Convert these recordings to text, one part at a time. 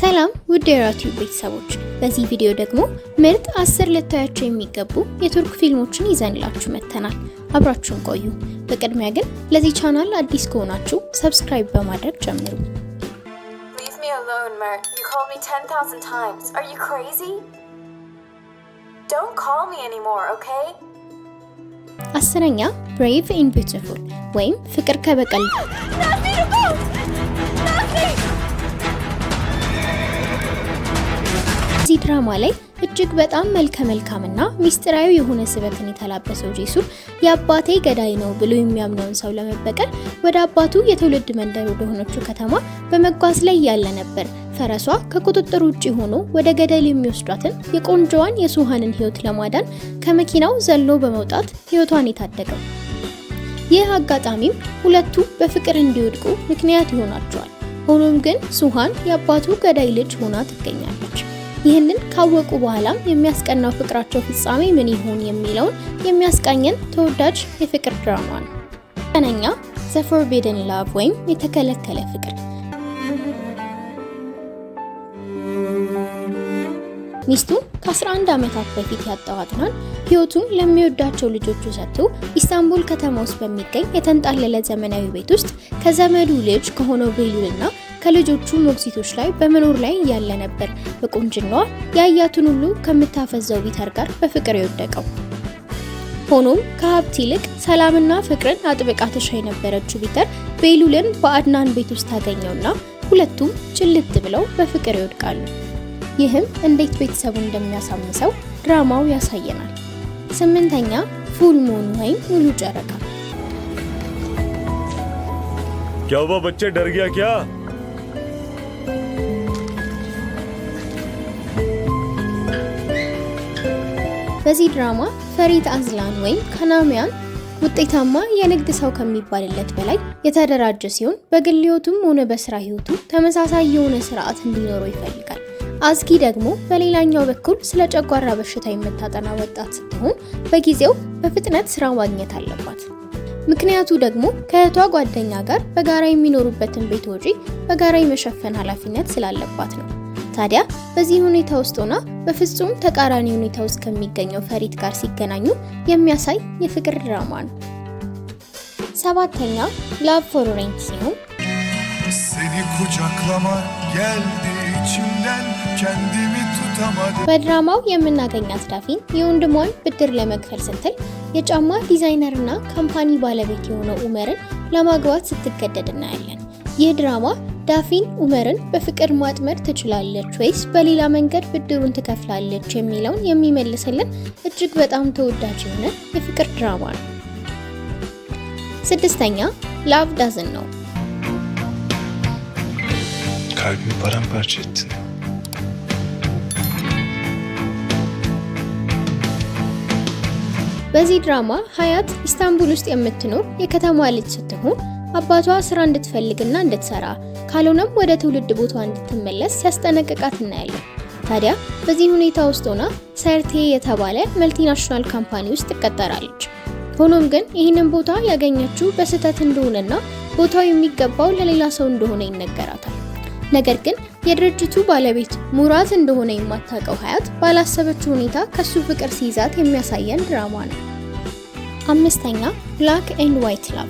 ሰላም ውድ የራቲው ቤተሰቦች፣ በዚህ ቪዲዮ ደግሞ ምርጥ አስር ልታያቸው የሚገቡ የቱርክ ፊልሞችን ይዘንላችሁ መጥተናል። አብራችሁን ቆዩ። በቅድሚያ ግን ለዚህ ቻናል አዲስ ከሆናችሁ ሰብስክራይብ በማድረግ ጀምሩ። አስረኛ ብሬቭ ኢን ቢውቲፉል ወይም ፍቅር ከበቀል በዚህ ድራማ ላይ እጅግ በጣም መልከ መልካምና ሚስጥራዊ የሆነ ስበትን የተላበሰው ጄሱ የአባቴ ገዳይ ነው ብሎ የሚያምነውን ሰው ለመበቀል ወደ አባቱ የትውልድ መንደር ወደሆነችው ከተማ በመጓዝ ላይ ያለ ነበር። ፈረሷ ከቁጥጥር ውጭ ሆኖ ወደ ገደል የሚወስዷትን የቆንጆዋን የሱሃንን ህይወት ለማዳን ከመኪናው ዘሎ በመውጣት ህይወቷን የታደገው። ይህ አጋጣሚም ሁለቱ በፍቅር እንዲወድቁ ምክንያት ይሆናቸዋል። ሆኖም ግን ሱሃን የአባቱ ገዳይ ልጅ ሆና ትገኛል። ይህንን ካወቁ በኋላም የሚያስቀናው ፍቅራቸው ፍጻሜ ምን ይሆን የሚለውን የሚያስቃኘን ተወዳጅ የፍቅር ድራማ ነው። ቀነኛ ዘ ፎርቢድን ላቭ ወይም የተከለከለ ፍቅር። ሚስቱ ከ11 ዓመታት በፊት ያጣዋትናን ህይወቱን ለሚወዳቸው ልጆቹ ሰጥቶ ኢስታንቡል ከተማ ውስጥ በሚገኝ የተንጣለለ ዘመናዊ ቤት ውስጥ ከዘመዱ ልጅ ከሆነው ብሂልና ከልጆቹ ሞግዚቶች ላይ በመኖር ላይ ያለ ነበር። በቁንጅናዋ የአያቱን ሁሉ ከምታፈዘው ቢተር ጋር በፍቅር የወደቀው። ሆኖም ከሀብት ይልቅ ሰላምና ፍቅርን አጥብቃ ትሻ የነበረችው ቢተር ቤሉልን በአድናን ቤት ውስጥ ታገኘውና ሁለቱም ችልት ብለው በፍቅር ይወድቃሉ። ይህም እንዴት ቤተሰቡን እንደሚያሳምሰው ድራማው ያሳየናል። ስምንተኛ ፉል ሙን ወይም ሙሉ ጨረቃ። क्या हुआ बच्चे डर गया क्या በዚህ ድራማ ፈሪት አዝላን ወይም ከናሚያን ውጤታማ የንግድ ሰው ከሚባልለት በላይ የተደራጀ ሲሆን በግል ህይወቱም ሆነ በስራ ህይወቱ ተመሳሳይ የሆነ ስርዓት እንዲኖረው ይፈልጋል። አዝጊ ደግሞ በሌላኛው በኩል ስለ ጨጓራ በሽታ የምታጠና ወጣት ስትሆን በጊዜው በፍጥነት ስራ ማግኘት አለባት። ምክንያቱ ደግሞ ከእህቷ ጓደኛ ጋር በጋራ የሚኖሩበትን ቤት ወጪ በጋራ የመሸፈን ኃላፊነት ስላለባት ነው። ታዲያ በዚህ ሁኔታ ውስጥ ሆና በፍጹም ተቃራኒ ሁኔታ ውስጥ ከሚገኘው ፈሪት ጋር ሲገናኙ የሚያሳይ የፍቅር ድራማ ነው። ሰባተኛ ላቭ ፎር ሬንት ሲሆን በድራማው የምናገኛት ዳፊን የወንድሟን ብድር ለመክፈል ስትል የጫማ ዲዛይነርና ካምፓኒ ባለቤት የሆነው ኡመርን ለማግባት ስትገደድ እናያለን። ይህ ድራማ ዳፊን ኡመርን በፍቅር ማጥመድ ትችላለች ወይስ በሌላ መንገድ ብድሩን ትከፍላለች የሚለውን የሚመልስልን እጅግ በጣም ተወዳጅ የሆነ የፍቅር ድራማ ነው። ስድስተኛ ላቭ ዳዝን ነው። በዚህ ድራማ ሀያት ኢስታንቡል ውስጥ የምትኖር የከተማ ልጅ ስትሆን አባቷ ስራ እንድትፈልግና እንድትሰራ ካልሆነም ወደ ትውልድ ቦቷ እንድትመለስ ሲያስጠነቅቃት እናያለን። ታዲያ በዚህ ሁኔታ ውስጥ ሆና ሰርቴ የተባለ መልቲናሽናል ካምፓኒ ውስጥ ትቀጠራለች። ሆኖም ግን ይህንን ቦታ ያገኘችው በስህተት እንደሆነና ቦታው የሚገባው ለሌላ ሰው እንደሆነ ይነገራታል። ነገር ግን የድርጅቱ ባለቤት ሙራት እንደሆነ የማታውቀው ሀያት ባላሰበችው ሁኔታ ከሱ ፍቅር ሲይዛት የሚያሳየን ድራማ ነው። አምስተኛ ብላክ ኤንድ ዋይት ላቭ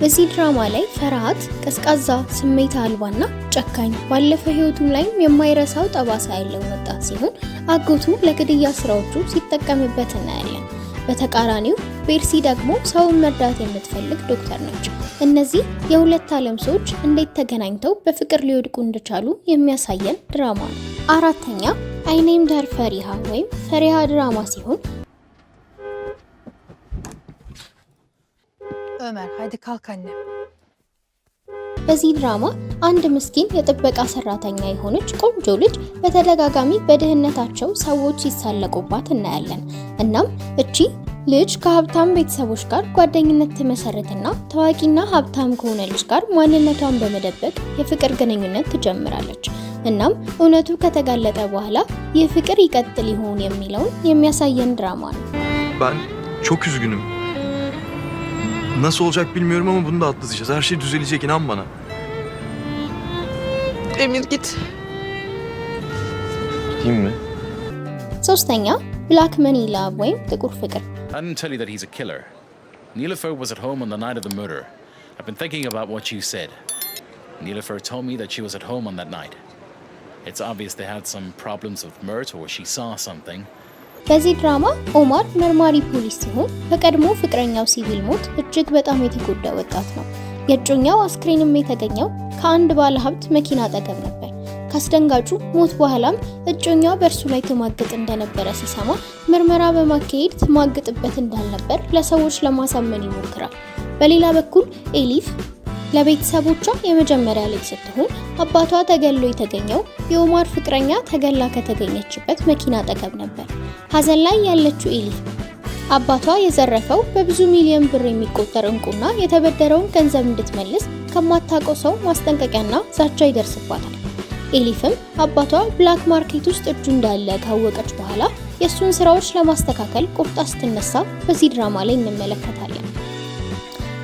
በዚህ ድራማ ላይ ፈርሃት ቀዝቃዛ፣ ስሜት አልባና ጨካኝ ባለፈ ህይወቱም ላይም የማይረሳው ጠባሳ ያለው ወጣት ሲሆን አጎቱ ለግድያ ስራዎቹ ሲጠቀምበት እናያለን። በተቃራኒው ቤርሲ ደግሞ ሰውን መርዳት የምትፈልግ ዶክተር ነች። እነዚህ የሁለት ዓለም ሰዎች እንዴት ተገናኝተው በፍቅር ሊወድቁ እንደቻሉ የሚያሳየን ድራማ ነው። አራተኛ አይኔም ዳር ፈሪሃ ወይም ፈሪሃ ድራማ ሲሆን Ömer hadi kalk anne በዚህ ድራማ አንድ ምስኪን የጥበቃ ሰራተኛ የሆነች ቆንጆ ልጅ በተደጋጋሚ በድህነታቸው ሰዎች ሲሳለቁባት እናያለን። እናም እቺ ልጅ ከሀብታም ቤተሰቦች ጋር ጓደኝነት ትመሰርትና ታዋቂና ሀብታም ከሆነ ልጅ ጋር ማንነቷን በመደበቅ የፍቅር ግንኙነት ትጀምራለች። እናም እውነቱ ከተጋለጠ በኋላ ይህ ፍቅር ይቀጥል ይሆን የሚለውን የሚያሳየን ድራማ ነው። Ben ቾክ ዝግንም Nasıl olacak bilmiyorum ama bunu da atlatacağız. Her şey düzelecek inan bana. Emir git. Gideyim mi? ሶስተኛ ብላክ መኒ ላቭ ወይም ጥቁር I didn't tell you that he's a killer. Nilofer was at home on the night of the murder. I've been thinking about what you said. Nilofer told me that she was at home on that night. It's obvious they had some problems with Mert or she saw something, በዚህ ድራማ ኦማር መርማሪ ፖሊስ ሲሆን በቀድሞ ፍቅረኛው ሲቪል ሞት እጅግ በጣም የተጎዳ ወጣት ነው። የእጮኛው አስክሬንም የተገኘው ከአንድ ባለሀብት መኪና አጠገብ ነበር። ከአስደንጋጩ ሞት በኋላም እጮኛው በእርሱ ላይ ትማግጥ እንደነበረ ሲሰማ ምርመራ በማካሄድ ትማግጥበት እንዳልነበር ለሰዎች ለማሳመን ይሞክራል። በሌላ በኩል ኤሊፍ ለቤተሰቦቿ የመጀመሪያ ልጅ ስትሆን አባቷ ተገሎ የተገኘው የኦማር ፍቅረኛ ተገላ ከተገኘችበት መኪና አጠገብ ነበር። ሀዘን ላይ ያለችው ኤሊ አባቷ የዘረፈው በብዙ ሚሊዮን ብር የሚቆጠር እንቁና የተበደረውን ገንዘብ እንድትመልስ ከማታውቀው ሰው ማስጠንቀቂያና ዛቻ ይደርስባታል። ኤሊፍም አባቷ ብላክ ማርኬት ውስጥ እጁ እንዳለ ካወቀች በኋላ የእሱን ስራዎች ለማስተካከል ቁርጣ ስትነሳ በዚህ ድራማ ላይ እንመለከታለን።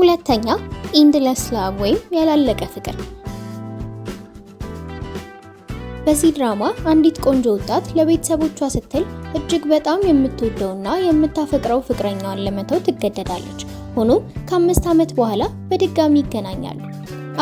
ሁለተኛ ኢንድለስ ላቭ ወይም ያላለቀ ፍቅር። በዚህ ድራማ አንዲት ቆንጆ ወጣት ለቤተሰቦቿ ስትል እጅግ በጣም የምትወደውና የምታፈቅረው ፍቅረኛዋን ለመተው ትገደዳለች። ሆኖም ከአምስት ዓመት በኋላ በድጋሚ ይገናኛሉ።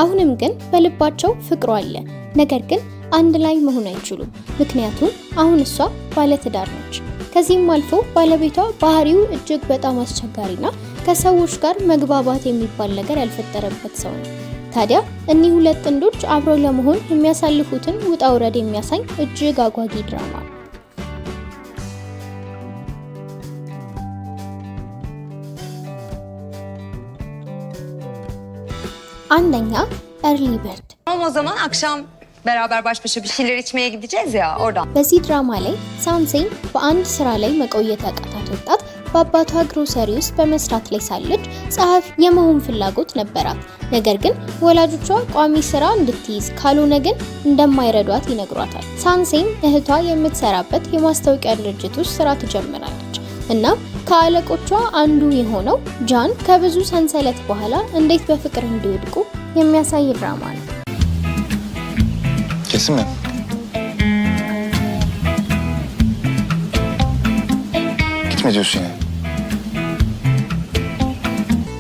አሁንም ግን በልባቸው ፍቅሩ አለ። ነገር ግን አንድ ላይ መሆን አይችሉም፣ ምክንያቱም አሁን እሷ ባለትዳር ነች። ከዚህም አልፎ ባለቤቷ ባህሪው እጅግ በጣም አስቸጋሪና ከሰዎች ጋር መግባባት የሚባል ነገር ያልፈጠረበት ሰው ነው። ታዲያ እኒህ ሁለት ጥንዶች አብረው ለመሆን የሚያሳልፉትን ውጣ ውረድ የሚያሳይ እጅግ አጓጊ ድራማ ነው። አንደኛ ኤርሊ በርድ በራበር ባሽ ብሽ በዚህ ድራማ ላይ ሳንሴን በአንድ ስራ ላይ መቆየት ያቃታት ወጣት በአባቷ ግሮሰሪ ውስጥ በመስራት ላይ ሳለች ጸሐፊ የመሆን ፍላጎት ነበራት። ነገር ግን ወላጆቿ ቋሚ ስራ እንድትይዝ ካልሆነ ግን እንደማይረዷት ይነግሯታል። ሳንሴም እህቷ የምትሰራበት የማስታወቂያ ድርጅት ውስጥ ስራ ትጀምራለች። እናም ከአለቆቿ አንዱ የሆነው ጃን ከብዙ ሰንሰለት በኋላ እንዴት በፍቅር እንዲወድቁ የሚያሳይ ድራማ ነው። Gitme diyorsun yani.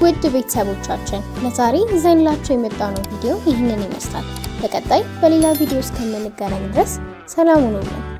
ውድ ቤተሰቦቻችን ለዛሬ ይዘንላችሁ የመጣነው ቪዲዮ ይህንን ይመስላል። በቀጣይ በሌላ ቪዲዮ እስከምንገናኝ ድረስ ሰላም ሁኑልን።